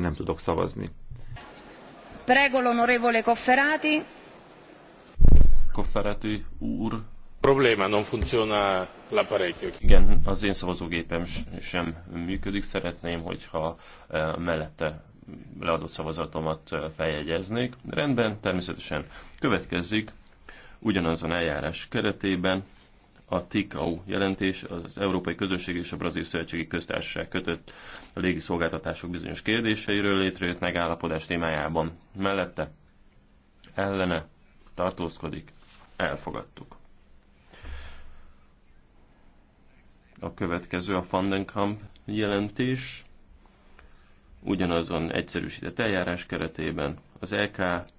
én nem tudok szavazni. Prego l'onorevole Cofferati. Cofferati úr. Probléma, non funziona l'apparecchio. Igen, az én szavazógépem sem működik. Szeretném, hogyha e, mellette leadott szavazatomat e, feljegyeznék. Rendben, természetesen következik ugyanazon eljárás keretében a TICAU jelentés, az Európai Közösség és a Brazil Szövetségi Köztársaság kötött a légiszolgáltatások bizonyos kérdéseiről létrejött megállapodás témájában. Mellette ellene tartózkodik, elfogadtuk. A következő a Fandenkamp jelentés, ugyanazon egyszerűsített eljárás keretében az EK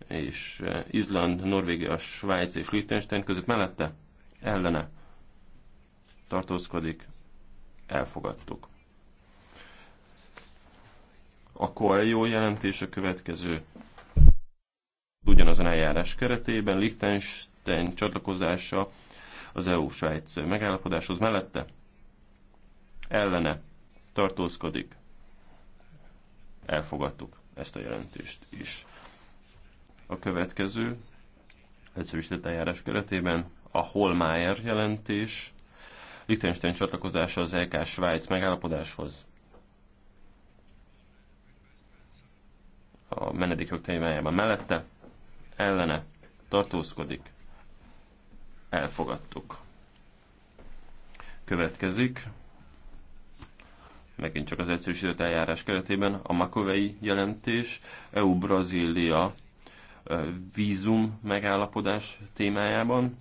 és Izland, Norvégia, Svájc és Liechtenstein között mellette ellene tartózkodik, elfogadtuk. A jó jelentés a következő ugyanazon eljárás keretében Liechtenstein csatlakozása az EU-Svájc megállapodáshoz mellette ellene tartózkodik. Elfogadtuk ezt a jelentést is. A következő egyszerűsített eljárás keretében a Holmeier jelentés Liechtenstein csatlakozása az LK Svájc megállapodáshoz. A menedékök témájában mellette, ellene tartózkodik. Elfogadtuk. Következik, megint csak az egyszerűsített eljárás keretében, a Makovei jelentés EU-Brazília vízum megállapodás témájában.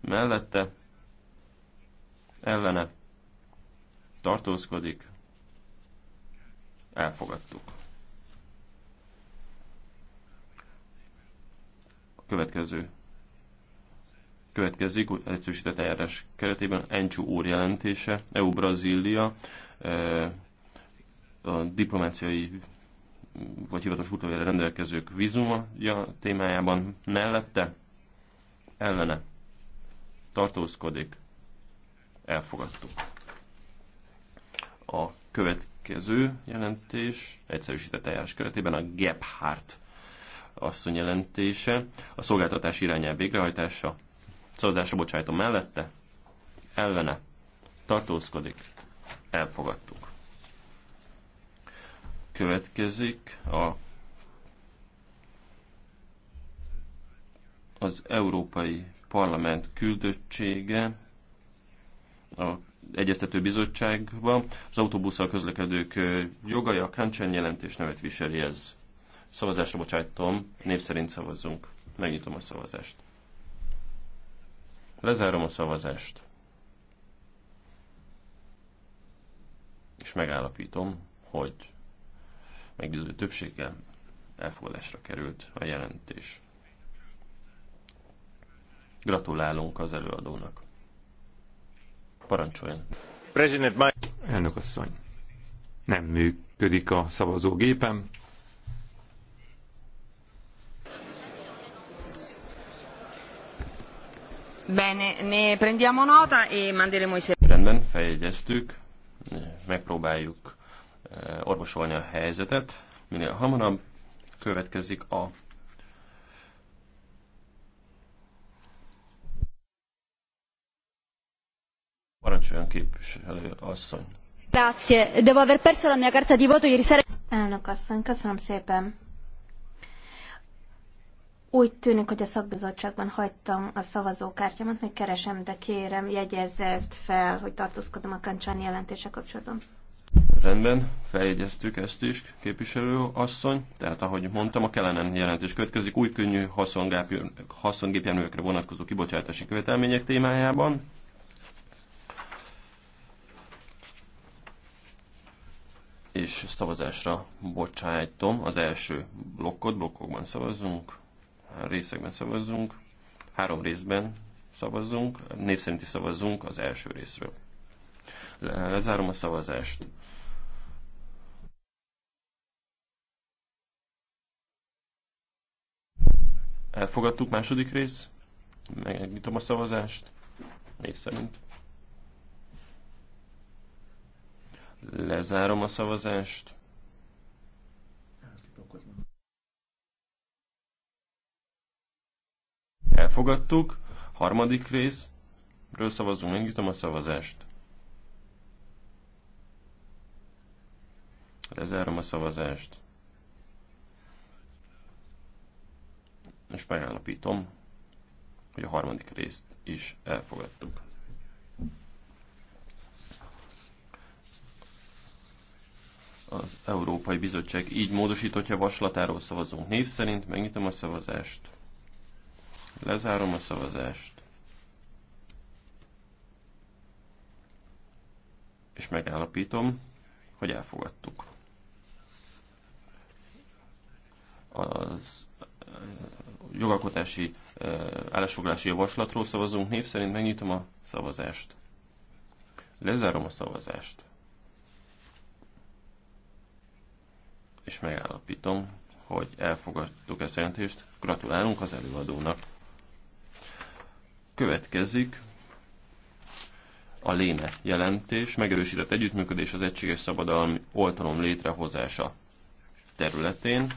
Mellette ellene tartózkodik, elfogadtuk. A következő következik, egyszerűsített eljárás keretében Encsú úr jelentése, EU-Brazília, e, a diplomáciai vagy hivatalos útlevélre rendelkezők vízumja témájában mellette ellene tartózkodik, elfogadtuk. A következő jelentés egyszerűsített eljárás keretében a Gebhardt asszony jelentése, a szolgáltatás irányel végrehajtása, szavazásra bocsájtom mellette, ellene, tartózkodik, elfogadtuk. Következik a az Európai Parlament küldöttsége a Egyeztető Bizottságban. Az autóbusszal közlekedők jogai a Kancsen jelentés nevet viseli ez. Szavazásra bocsájtom, név szerint szavazzunk. Megnyitom a szavazást. Lezárom a szavazást. És megállapítom, hogy meggyőző többséggel elfogadásra került a jelentés. Gratulálunk az előadónak! Parancsoljon. Elnök asszony, nem működik a szavazógépem. Bene, ne prendiamo nota e manderemo i Rendben, feljegyeztük, megpróbáljuk eh, orvosolni a helyzetet. Minél hamarabb következik a képviselő asszony. Grazie. Devo aver perso la mia carta di voto ieri sera. Elnök asszony, köszönöm szépen. Úgy tűnik, hogy a szakbizottságban hagytam a szavazókártyámat, még keresem, de kérem, jegyezze ezt fel, hogy tartózkodom a kancsán jelentése kapcsolatban. Rendben, feljegyeztük ezt is, képviselő asszony. Tehát, ahogy mondtam, a Kelenen jelentés következik új könnyű haszongépjárművekre vonatkozó kibocsátási követelmények témájában. és szavazásra bocsájtom. Az első blokkot, blokkokban szavazzunk, részekben szavazzunk, három részben szavazzunk, név szerinti szavazzunk az első részről. Lezárom a szavazást. Elfogadtuk második rész. Megnyitom a szavazást. Név szerint. Lezárom a szavazást. Elfogadtuk. Harmadik rész. Ről szavazunk, megnyitom a szavazást. Lezárom a szavazást. És megállapítom, hogy a harmadik részt is elfogadtuk. az Európai Bizottság így módosított javaslatáról szavazunk név szerint. Megnyitom a szavazást. Lezárom a szavazást. És megállapítom, hogy elfogadtuk. Az eh, jogalkotási eh, állásfoglási javaslatról szavazunk név szerint. Megnyitom a szavazást. Lezárom a szavazást. és megállapítom, hogy elfogadtuk ezt a jelentést. Gratulálunk az előadónak. Következik a Léne jelentés, megerősített együttműködés az egységes szabadalmi oltalom létrehozása területén.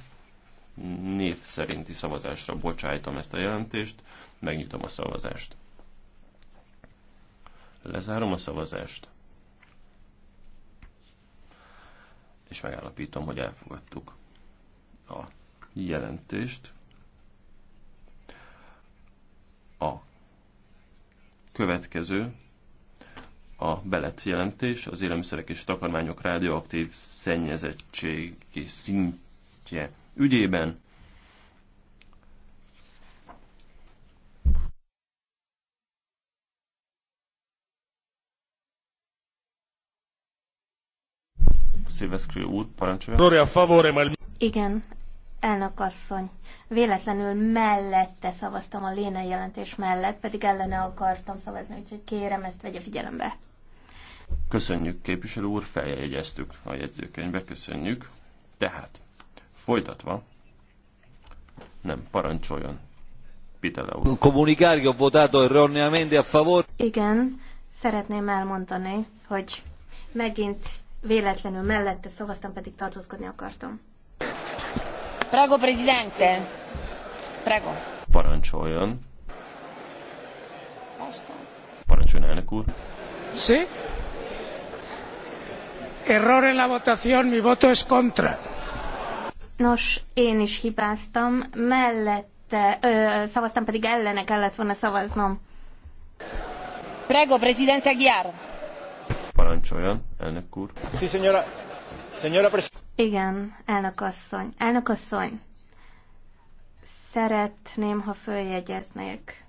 Név szerinti szavazásra bocsájtom ezt a jelentést, megnyitom a szavazást. Lezárom a szavazást. és megállapítom, hogy elfogadtuk a jelentést. A következő a belet jelentés, az élelmiszerek és takarmányok radioaktív szennyezettségi szintje ügyében Szilveszkő úr, parancsolja. Igen, elnök asszony. Véletlenül mellette szavaztam a léne jelentés mellett, pedig ellene akartam szavazni, úgyhogy kérem ezt vegye figyelembe. Köszönjük, képviselő úr, feljegyeztük a jegyzőkönyvbe, köszönjük. Tehát, folytatva, nem, parancsoljon. Pitele úr. Comunicare ho votato erroneamente a favor. Igen, szeretném elmondani, hogy megint véletlenül mellette szavaztam, pedig tartózkodni akartam. Prego, presidente! Prego! Parancsoljon! Basta. Parancsoljon, elnök úr! Sí? Error en la votación, mi voto es contra. Nos, én is hibáztam, mellette, ö, szavaztam, pedig ellene kellett volna szavaznom. Prego, presidente Aguiar! Parancsoljon, elnök úr. Igen, elnök asszony. Elnök asszony, szeretném, ha följegyeznék,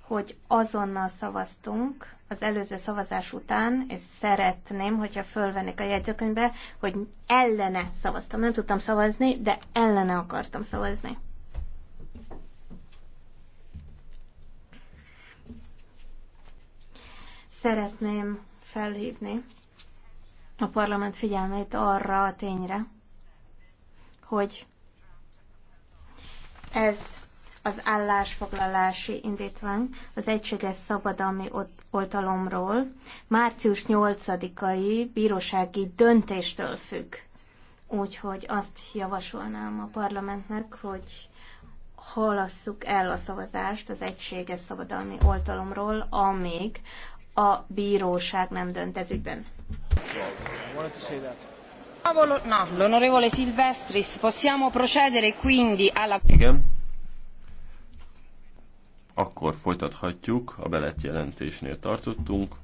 hogy azonnal szavaztunk az előző szavazás után, és szeretném, hogyha fölvennék a jegyzőkönyvbe, hogy ellene szavaztam. Nem tudtam szavazni, de ellene akartam szavazni. Szeretném, felhívni a parlament figyelmét arra a tényre, hogy ez az állásfoglalási indítvány az Egységes Szabadalmi Oltalomról március 8-ai bírósági döntéstől függ. Úgyhogy azt javasolnám a parlamentnek, hogy halasszuk el a szavazást az egységes szabadalmi oltalomról, amíg a bíróság nem dönt ez ügyben. No, l'onorevole Silvestris, possiamo procedere quindi alla... Igen. Akkor folytathatjuk, a belet jelentésnél tartottunk.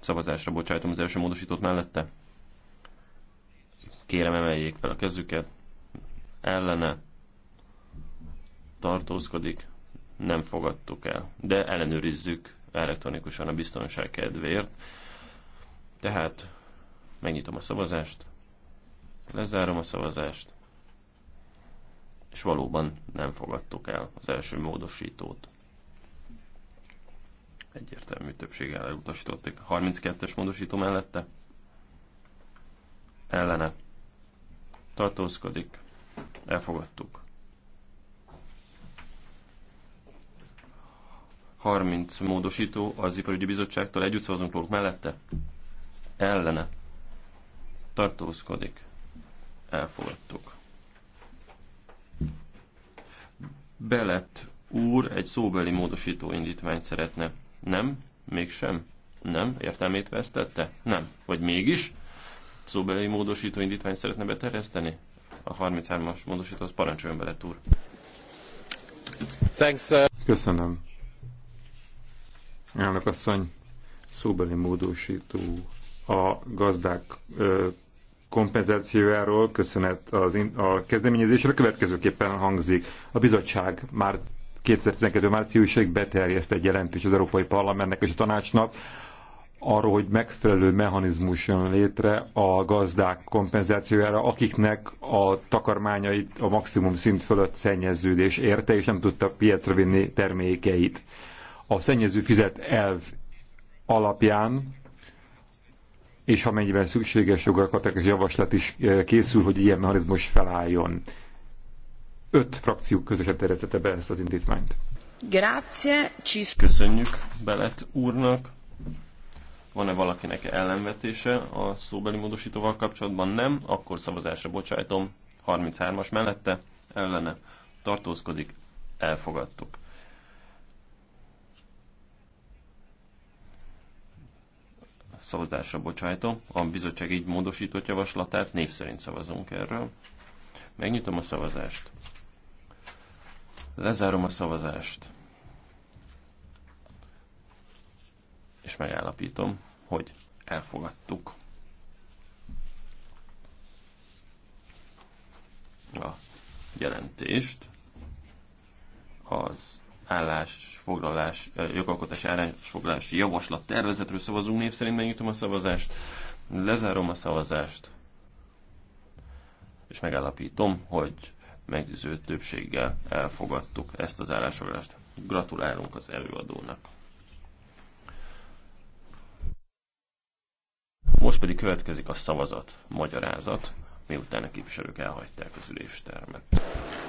Szavazásra bocsájtom az első módosítót mellette. Kérem emeljék fel a kezüket. Ellene tartózkodik, nem fogadtuk el. De ellenőrizzük elektronikusan a biztonság kedvéért. Tehát megnyitom a szavazást, lezárom a szavazást, és valóban nem fogadtuk el az első módosítót. Egyértelmű többséggel elutasították. 32-es módosító mellette ellene tartózkodik, elfogadtuk. 30 módosító az Iparügyi Bizottságtól. Együtt szavazunk róluk mellette. Ellene. Tartózkodik. Elfogadtuk. Belet úr egy szóbeli módosító indítványt szeretne. Nem? Mégsem? Nem? Értelmét vesztette? Nem. Vagy mégis? Szóbeli módosító indítványt szeretne beterjeszteni? A 33-as módosító az parancsoljon Belett úr. Thanks, sir. Köszönöm Elnök asszony, szóbeli módosító a gazdák kompenzációjáról, köszönet az a kezdeményezésre, következőképpen hangzik. A bizottság már 2012. márciusig beterjeszt egy jelentés az Európai Parlamentnek és a tanácsnak, arról, hogy megfelelő mechanizmus jön létre a gazdák kompenzációjára, akiknek a takarmányait a maximum szint fölött szennyeződés érte, és nem tudta piacra vinni termékeit a szennyező fizet elv alapján, és amennyiben szükséges jogalkotási javaslat is eh, készül, hogy ilyen mechanizmus felálljon. Öt frakció közösen terjesztette be ezt az intézményt. Grazie. Cis Köszönjük Belet úrnak. Van-e valakinek ellenvetése a szóbeli módosítóval kapcsolatban? Nem, akkor szavazásra bocsájtom. 33-as mellette, ellene tartózkodik, elfogadtuk. szavazásra bocsájtom. A bizottság így módosított javaslatát, név szerint szavazunk erről. Megnyitom a szavazást. Lezárom a szavazást. És megállapítom, hogy elfogadtuk. A jelentést az állásfoglalás, jogalkotási állásfoglalási javaslat tervezetről szavazunk. Név szerint megnyitom a szavazást, lezárom a szavazást, és megállapítom, hogy meggyőző többséggel elfogadtuk ezt az állásfoglalást. Gratulálunk az előadónak. Most pedig következik a szavazat, magyarázat, miután a képviselők elhagyták az üléstermet.